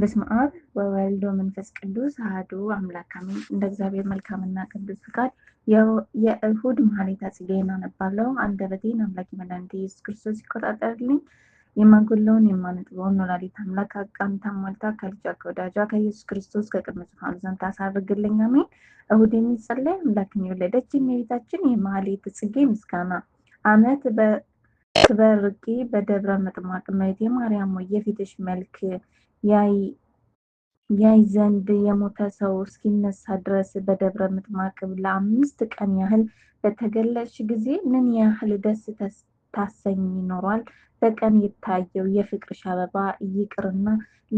በስመ አብ ወወልድ ወመንፈስ ቅዱስ አሐዱ አምላክ አሜን። እንደ እግዚአብሔር መልካምና ቅዱስ ፍቃድ የእሁድ መኃሌተ ጽጌን አነባለሁ። አንደበቴን አምላክ መድኃኒቴ ኢየሱስ ክርስቶስ ይቆጣጠርልኝ። የማጎለውን የማነጥበውን ወላዲተ አምላክ አቃምታ ሞልታ ከልጇ ከወዳጇ ከኢየሱስ ክርስቶስ ከቅድመ ጽፋን ዘንድ አሳርግልኝ። አሜን። እሁድ የሚጸለይ አምላክን የወለደች የእመቤታችን የመኃሌተ ጽጌ ምስጋና አመት በክበርቂ በደብረ ምጥማቅ እመቤቴ ማርያም ወየፊትሽ መልክ ያይ ዘንድ የሞተ ሰው እስኪነሳ ድረስ በደብረ ምጥማቅብ ለአምስት ቀን ያህል በተገለጽሽ ጊዜ ምን ያህል ደስ ታሰኝ ይኖሯል። በቀን የታየው የፍቅርሽ አበባ ይቅርና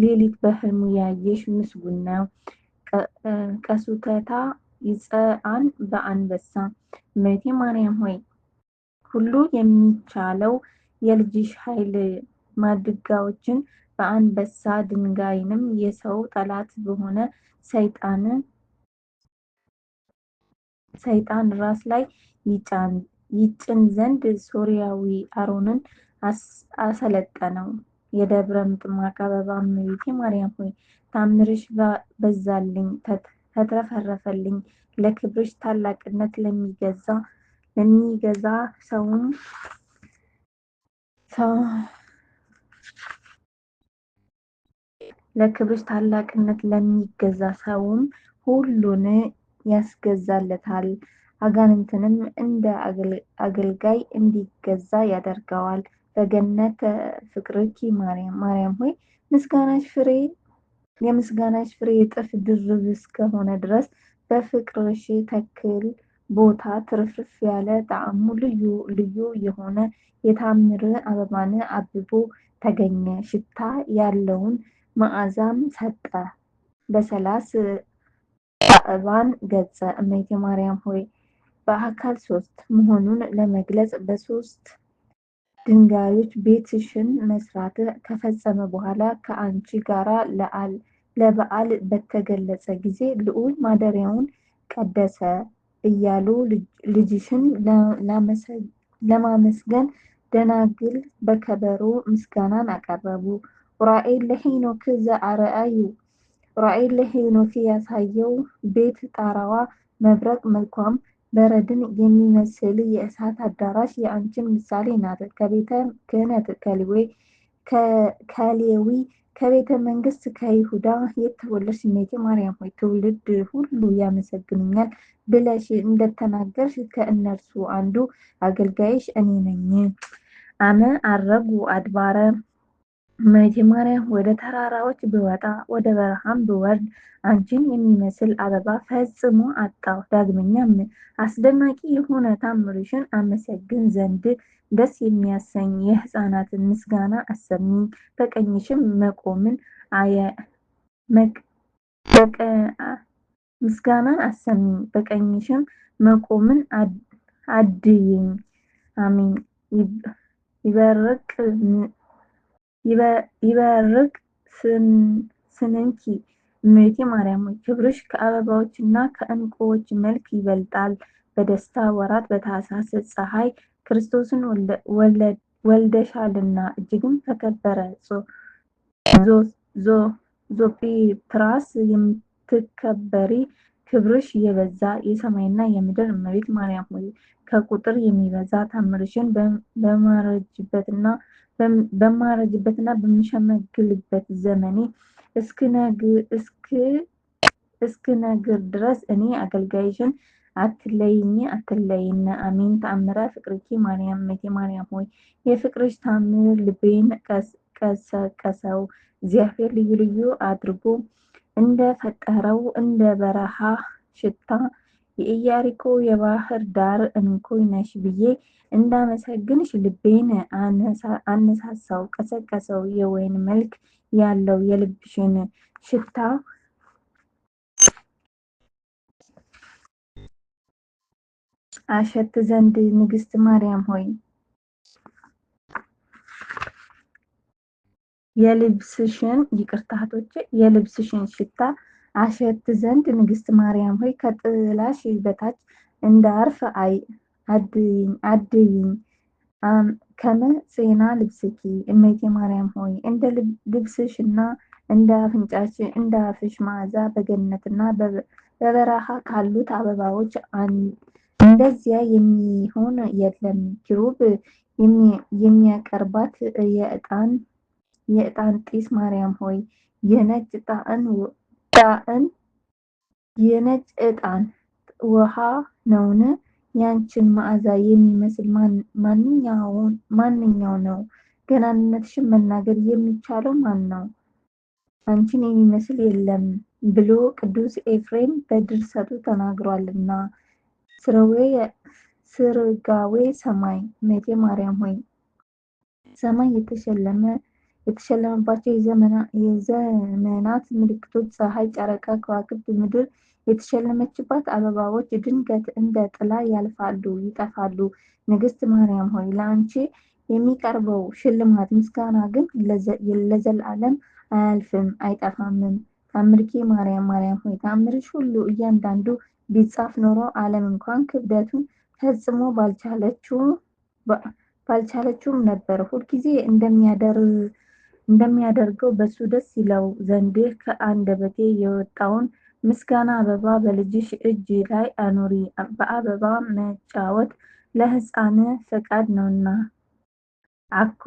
ሌሊት በህልሙ ያየሽ ምስጉን ነው። ቀሱተታ ይፀአን በአንበሳ መቴ ማርያም ሆይ ሁሉ የሚቻለው የልጅሽ ኃይል ማድጋዎችን በአንበሳ ድንጋይንም የሰው ጠላት በሆነ ሰይጣን ራስ ላይ ይጭን ዘንድ ሶርያዊ አሮንን አሰለጠነው። የደብረ ምጥማቅ አበባ እመቤቴ ማርያም ሆይ ታምርሽ በዛልኝ ተትረፈረፈልኝ። ለክብርሽ ታላቅነት ለሚገዛ ሰው። ለክብርሽ ታላቅነት ለሚገዛ ሰውም ሁሉን ያስገዛለታል። አጋንንትንም እንደ አገልጋይ እንዲገዛ ያደርገዋል። በገነት ፍቅርኪ ማርያም ማርያም ሆይ ምስጋናሽ ፍሬ የምስጋናሽ ፍሬ እጥፍ ድርብ እስከሆነ ድረስ በፍቅርሽ ተክል ቦታ ትርፍርፍ ያለ ጣዕሙ ልዩ ልዩ የሆነ የታምር አበባን አብቦ ተገኘ። ሽታ ያለውን መዓዛም ሰጠ። በሰላስ አእባን ገጸ እመይቴ ማርያም ሆይ በአካል ሶስት መሆኑን ለመግለጽ በሶስት ድንጋዮች ቤትሽን መስራት ከፈጸመ በኋላ ከአንቺ ጋራ ለበዓል በተገለጸ ጊዜ ልዑል ማደሪያውን ቀደሰ እያሉ ልጅሽን ለማመስገን ደናግል በከበሮ ምስጋናን አቀረቡ። ራእይን ለሄኖክ ዘአርአዩ ራእይን ለሄኖክ ያሳየው ቤት ጣራዋ መብረቅ መልኳም በረድን የሚመስል የእሳት አዳራሽ የአንቺን ምሳሌ ናት። ከቤተ ክህነት ከሌዊ ከሌዊ ከቤተ መንግስት ከይሁዳ የተወለድሽ እመቤቴ ማርያም ሆይ ትውልድ ሁሉ ያመሰግኑኛል ብለሽ እንደተናገርሽ ከእነርሱ አንዱ አገልጋይሽ እኔ ነኝ። አመ አረጉ አድባረ መጀመሪያ ወደ ተራራዎች ብወጣ ወደ በረሃም ብወርድ አንቺን የሚመስል አበባ ፈጽሞ አጣሁ። ዳግመኛም አስደናቂ የሆነ ታምርሽን አመሰግን ዘንድ ደስ የሚያሰኝ የሕፃናትን ምስጋና አሰሚኝ። በቀኝሽም መቆምን ምስጋናን አሰሚኝ። በቀኝሽም መቆምን አድይኝ። አሚን ይበርቅ ይበርቅ ስንኪ እመቤቴ ማርያም ሆይ ክብርሽ ከአበባዎችና ከእንቁዎች መልክ ይበልጣል። በደስታ ወራት በታሳሰ ፀሐይ ክርስቶስን ወልደሻልና እጅግም ተከበረ። ዞጲጥራስ የምትከበሪ ክብርሽ የበዛ የሰማይና የምድር እመቤት ማርያም ሆይ ከቁጥር የሚበዛ ታምርሽን በማረጅበትና በማረጅበትና በምሸመግልበት ዘመኔ እስክነግር ድረስ እኔ አገልጋይሽን አትለይኝ አትለይነ። አሜን። ተአምረ ፍቅርኪ ማርያም እቴ ማርያም ሆይ የፍቅርሽ ታምር ልቤን ቀሰቀሰው። እግዚአብሔር ልዩ ልዩ አድርጎ እንደ ፈጠረው እንደ በረሃ ሽታ የኢያሪኮ የባህር ዳር እንኮይ ነሽ ብዬ እንዳመሰግንሽ ልቤን አነሳሳው ቀሰቀሰው የወይን መልክ ያለው የልብሽን ሽታ አሸት ዘንድ ንግስት ማርያም ሆይ የልብስሽን ይቅርታ እህቶቼ፣ የልብስሽን ሽታ አሸት ዘንድ ንግስት ማርያም ሆይ ከጥላሽ በታች እንዳርፍ አድይኝ። ከመ ጽና ልብስኪ እመይቴ ማርያም ሆይ እንደ ልብስሽና እንደ አፍንጫሽ እንደ አፍሽ መዓዛ በገነትና በበረሃ ካሉት አበባዎች እንደዚያ የሚሆን የለም። ኪሩብ የሚያቀርባት የእጣን የዕጣን ጢስ ማርያም ሆይ የነጭ ጣዕን ጣዕን የነጭ ዕጣን ውሃ ነውን? ያንችን መዓዛ የሚመስል ማንኛው ነው? ገናንነትሽን መናገር የሚቻለው ማን ነው? አንቺን የሚመስል የለም ብሎ ቅዱስ ኤፍሬም በድርሰቱ ተናግሯልና። ስርጋዌ ሰማይ እመቴ ማርያም ሆይ ሰማይ የተሸለመ የተሸለመባቸው የዘመናት ምልክቶች ፀሐይ፣ ጨረቃ፣ ከዋክብት፣ ምድር የተሸለመችባት አበባዎች ድንገት እንደ ጥላ ያልፋሉ፣ ይጠፋሉ። ንግሥት ማርያም ሆይ ለአንቺ የሚቀርበው ሽልማት ምስጋና ግን ለዘላለም አያልፍም አይጠፋምም። ታምርኪ ማርያም ማርያም ሆይ ታምርሽ ሁሉ እያንዳንዱ ቢጻፍ ኖሮ ዓለም እንኳን ክብደቱን ፈጽሞ ባልቻለችውም ነበር። ሁልጊዜ እንደሚያደርግ እንደሚያደርገው በእሱ ደስ ይለው ከአንድ ከአንደበቴ የወጣውን ምስጋና አበባ በልጅሽ እጅ ላይ አኑሪ። በአበባ መጫወት ለሕፃን ፈቃድ ነውና። አኮ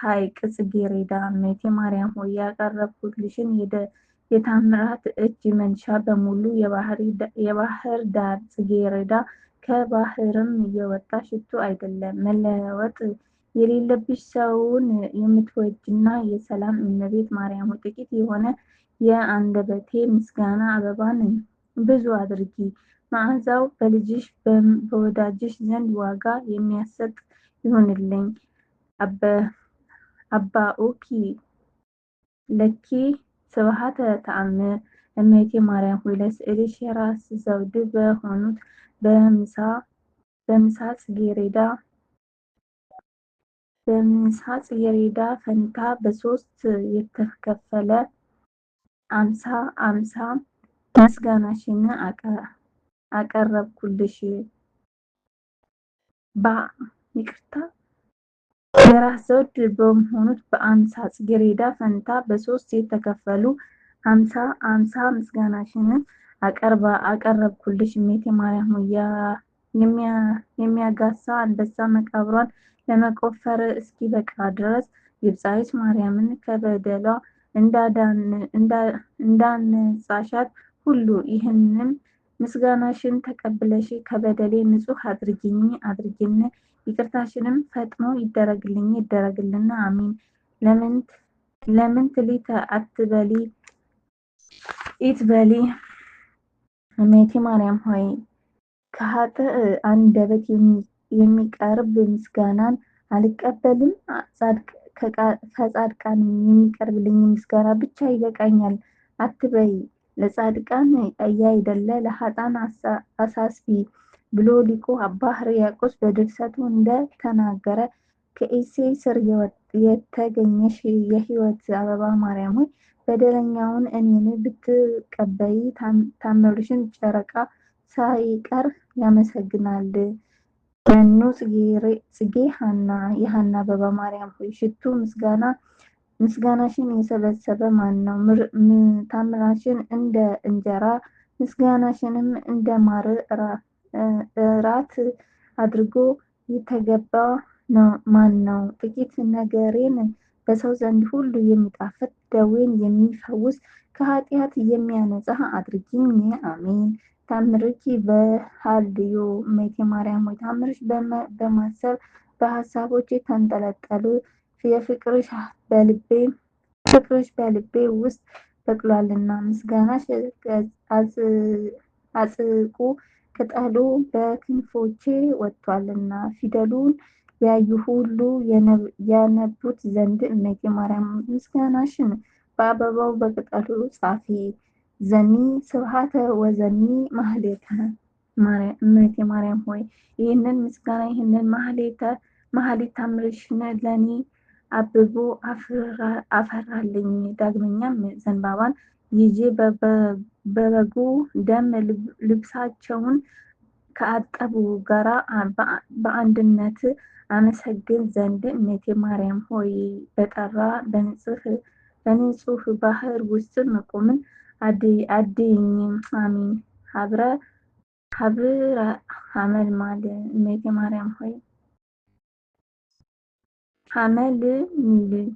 ሐይቅ ጽጌሬዳ! ሜቴ ማርያም ሆይ ያቀረብኩልሽን የታምራት እጅ መንሻ በሙሉ የባህር ዳር ጽጌሬዳ ከባህርም እየወጣ ሽቱ አይደለም መለወጥ የሌለብሽ ሰውን እና የሰላም እመቤት ማርያም ጥቂት የሆነ የአንደበቴ ምስጋና አበባን ብዙ አድርጊ። መዓዛው በልጅሽ በወዳጅሽ ዘንድ ዋጋ የሚያሰጥ ይሆንልኝ አባኦኪ ለኪ ስብሐተ ተአምር። እመቤቴ ማርያም ሆይ ለስዕልሽ የራስ ዘውድ በሆኑት በምሳ ጌሬዳ በምንሳጽ የሬዳ ፈንታ በሶስት የተከፈለ አምሳ አምሳ ምስጋናሽን አቀረብኩልሽ ይቅርታ የራስ ዘውድ በመሆኑት በአምሳ ጽጌረዳ ፈንታ በሶስት የተከፈሉ አምሳ አምሳ ምስጋናሽን አቀረብኩልሽ እቴ ማርያም ሆይ የሚያጋሳ አንበሳ መቃብሯን ለመቆፈር እስኪበቃ ድረስ ግብፃዊት ማርያምን ከበደሏ እንዳነጻሻት ሁሉ ይህንም ምስጋናሽን ተቀብለሽ ከበደሌ ንጹህ አድርጊኝ አድርጊን፣ ይቅርታሽንም ፈጥኖ ይደረግልኝ ይደረግልና፣ አሚን። ለምን ሊተ አትበሊ ኢትበሊ እመቤቴ ማርያም ሆይ ከሀጥ አንደበት የሚ የሚቀርብ ምስጋናን አልቀበልም። ከጻድቃን የሚቀርብልኝ ምስጋና ብቻ ይበቃኛል አትበይ። ለጻድቃን እያይደለ ለሀጣን አሳስቢ ብሎ ሊቁ አባ ሕርያቆስ በድርሰቱ እንደተናገረ ከኢሴ ስር የተገኘሽ የህይወት አበባ ማርያም ሆይ በደለኛውን እኔን ብትቀበይ ታምርሽን ጨረቃ ሳይቀር ያመሰግናል። ገኖ ጽጌ ሐና የሐና አበባ ማርያም ሆይ ሽቱ ምስጋናሽን የሰበሰበ ማን ነው? ታምራሽን እንደ እንጀራ ምስጋናሽንም እንደ ማር እራት አድርጎ የተገባ ማን ነው? ጥቂት ነገሬን በሰው ዘንድ ሁሉ የሚጣፍጥ ደዌን የሚፈውስ ከኃጢአት የሚያነጻ አድርጊኝ አሜን። ታምርኪ በሃልዩ እመቤቴ ማርያም ሆይ ታምርሽ በማሰብ በሀሳቦች የተንጠለጠሉ የፍቅርሽ በልቤ ፍቅርሽ በልቤ ውስጥ በቅሏልና ምስጋናሽ አጽቁ ቅጠሉ በክንፎቼ ወጥቷልና ፊደሉን ያዩ ሁሉ ያነቡት ዘንድ እመቤቴ ማርያም ምስጋናሽን በአበባው በቅጠሉ ጻፊ። ዘኒ ስብሃተ ወዘኒ ማህሌተ እመቤቴ ማርያም ሆይ ይህንን ምስጋና ይህንን ማህሌተ ማህሌት ታምርሽን ለኔ አብቦ አፈራልኝ። ዳግመኛም ዘንባባን ይዤ በበጉ ደም ልብሳቸውን ከአጠቡ ጋራ በአንድነት አመሰግን ዘንድ እመቤቴ ማርያም ሆይ በጠራ በንጹህ ባህር ውስጥ መቆምን አድይኝ አሚን ሀብረ ሀብረ ሀመልማል እመቤቴ ማርያም ሆይ ሀመል ሚል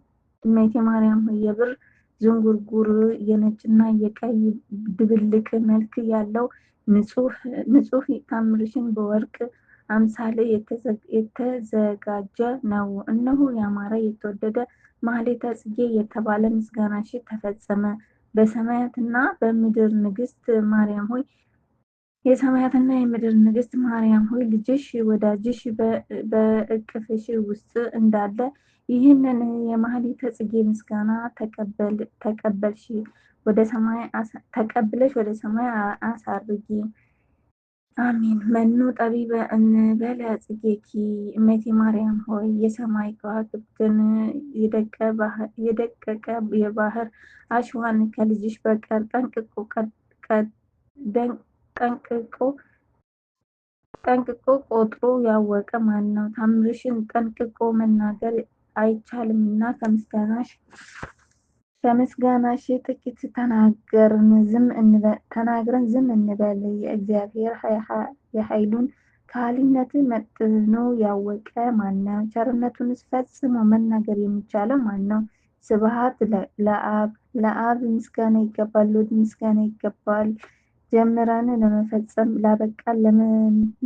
እመቤቴ ማርያም ሆይ የብር ዝንጉርጉር የነጭና የቀይ ድብልቅ መልክ ያለው ንጹሕ ታምርሽን በወርቅ አምሳል የተዘጋጀ ነው። እነሆ ያማረ የተወደደ ማህሌተ ጽጌ የተባለ ምስጋናሽ ተፈጸመ። በሰማያትና በምድር ንግስት ማርያም ሆይ የሰማያትና የምድር ንግስት ማርያም ሆይ ልጅሽ ወዳጅሽ በእቅፍሽ ውስጥ እንዳለ ይህንን የማኅሌተ ጽጌ ምስጋና ተቀበልሽ ወደ ሰማይ ተቀብለሽ ወደ ሰማይ አሳርጊ። አሜን መኑ ጠቢበ እንበለ ጽጌኪ እመቴ ማርያም ሆይ የሰማይ ከዋክብትን የደቀቀ የባህር አሸዋን ከልጅሽ በቀር ጠንቅቆ ጠንቅቆ ቆጥሮ ያወቀ ማን ነው? ታምርሽን ጠንቅቆ መናገር አይቻልምና ከምስጋናሽ ሺ ጥቂት ተናግረን ዝም እንበል። የእግዚአብሔር የኃይሉን ካህሊነት መጥኖ ያወቀ ማን ነው? ቸርነቱንስ ፈጽሞ መናገር የሚቻለው ማን ነው? ስብሐት ለአብ ምስጋና ይገባል፣ ለወልድ ምስጋና ይገባል፣ ጀምረን ለመፈጸም ላበቃል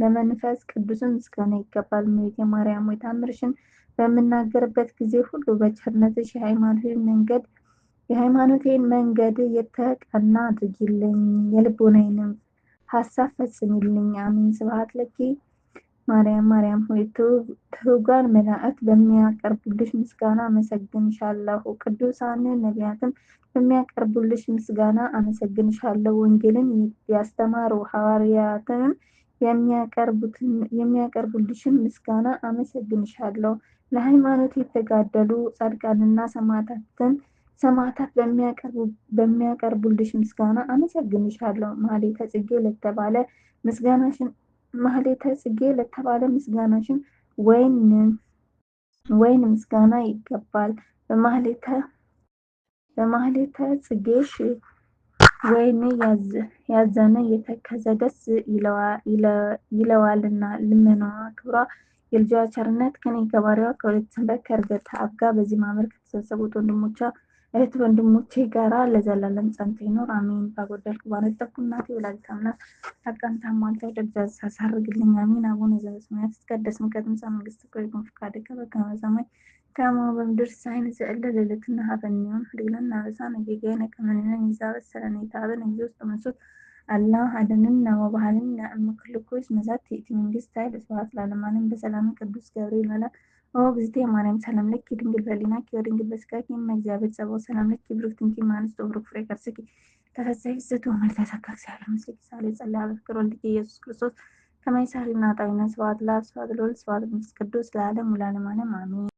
ለመንፈስ ቅዱስ ምስጋና ይገባል። እመቤቴ ማርያም ሆይ ታምርሽን በምናገርበት ጊዜ ሁሉ በቸርነትሽ የሃይማኖቴን መንገድ የሃይማኖቴን መንገድ የተቀና አድርጊልኝ፣ የልቦናዬንም ሀሳብ ፈጽሚልኝ። አሚን። ስብሐት ለኪ ማርያም ማርያም ሆይ ትሩጓን መላእክት በሚያቀርቡልሽ ምስጋና አመሰግንሻለሁ። ቅዱሳን ነቢያትም በሚያቀርቡልሽ ምስጋና አመሰግንሻለሁ። ወንጌልን ያስተማሩ ሐዋርያትንም የሚያቀርቡልሽን ምስጋና አመሰግንሻለሁ። ለሃይማኖት የተጋደሉ ጻድቃንና ሰማዕታትን ሰማዕታት በሚያቀርቡልሽ ምስጋና አመሰግንሻለሁ። ማኅሌተ ጽጌ ለተባለ ምስጋናሽን ማኅሌተ ጽጌ ለተባለ ምስጋናሽን ወይን ምስጋና ይገባል። በማኅሌተ ጽጌሽ ወይን ያዘነ የተከዘ ደስ ይለዋልና ልመናዋ ክብሯ የልጇ ቸርነት ከኔ ከባሪያዋ ከወለደችበት ከእርገተ አብ ጋር በዚህ ማኅበር ከተሰበሰቡት ወንድሞቿ እህት ወንድሞቼ ጋራ ለዘላለም ጸንቶ ይኖር አሜን። ባጎደልኩ ባነጠፍኩ እናቴ ወላዲተ አምላክ አቃንታ ሟልተው ደብዛዝ ሳሳርግልኝ አሜን። አቡነ ዘበሰማያት ይትቀደስ ስምከ ትምጻእ መንግስትከ ወይኩን ፈቃድከ በከመ በሰማይ ከማሁ በምድር ሲሳየነ ዘለለ ዕለትነ ሀበነ ዮም ኅድግ ለነ አበሳነ ጌጋየነ ከመ ንሕነኒ ይዛ በሰለነ እግዚኦ ውስተ መንሱት አላ አደንና ወባሃልን እምክልኩ እስመ ዛቲ ይእቲ መንግሥት ኃይል ስብሐት ለዓለመ ዓለም በሰላም ቅዱስ ገብርኤል መልአክ ኦ እግዝእትየ ማርያም ሰላም ለኪ ድንግል በሊናኪ ወድንግል በስጋኪ እመ ጸባኦት ሰላም ለኪ ብሩክት እንኪ ማንስት ብሩክ ፍሬ ከርስኪ ተፈሳይ ስቱ መልታ ሰካክ ሲያለ ሳሌ ጸላ በፍቅር ወልድኪ ኢየሱስ ክርስቶስ ከመይሳሪ ናጣዊና ስብሐት ለአብ ስብሐት ለወልድ ስብሐት ለመንፈስ ቅዱስ ለዓለም ወለዓለም ዓለም አሜን።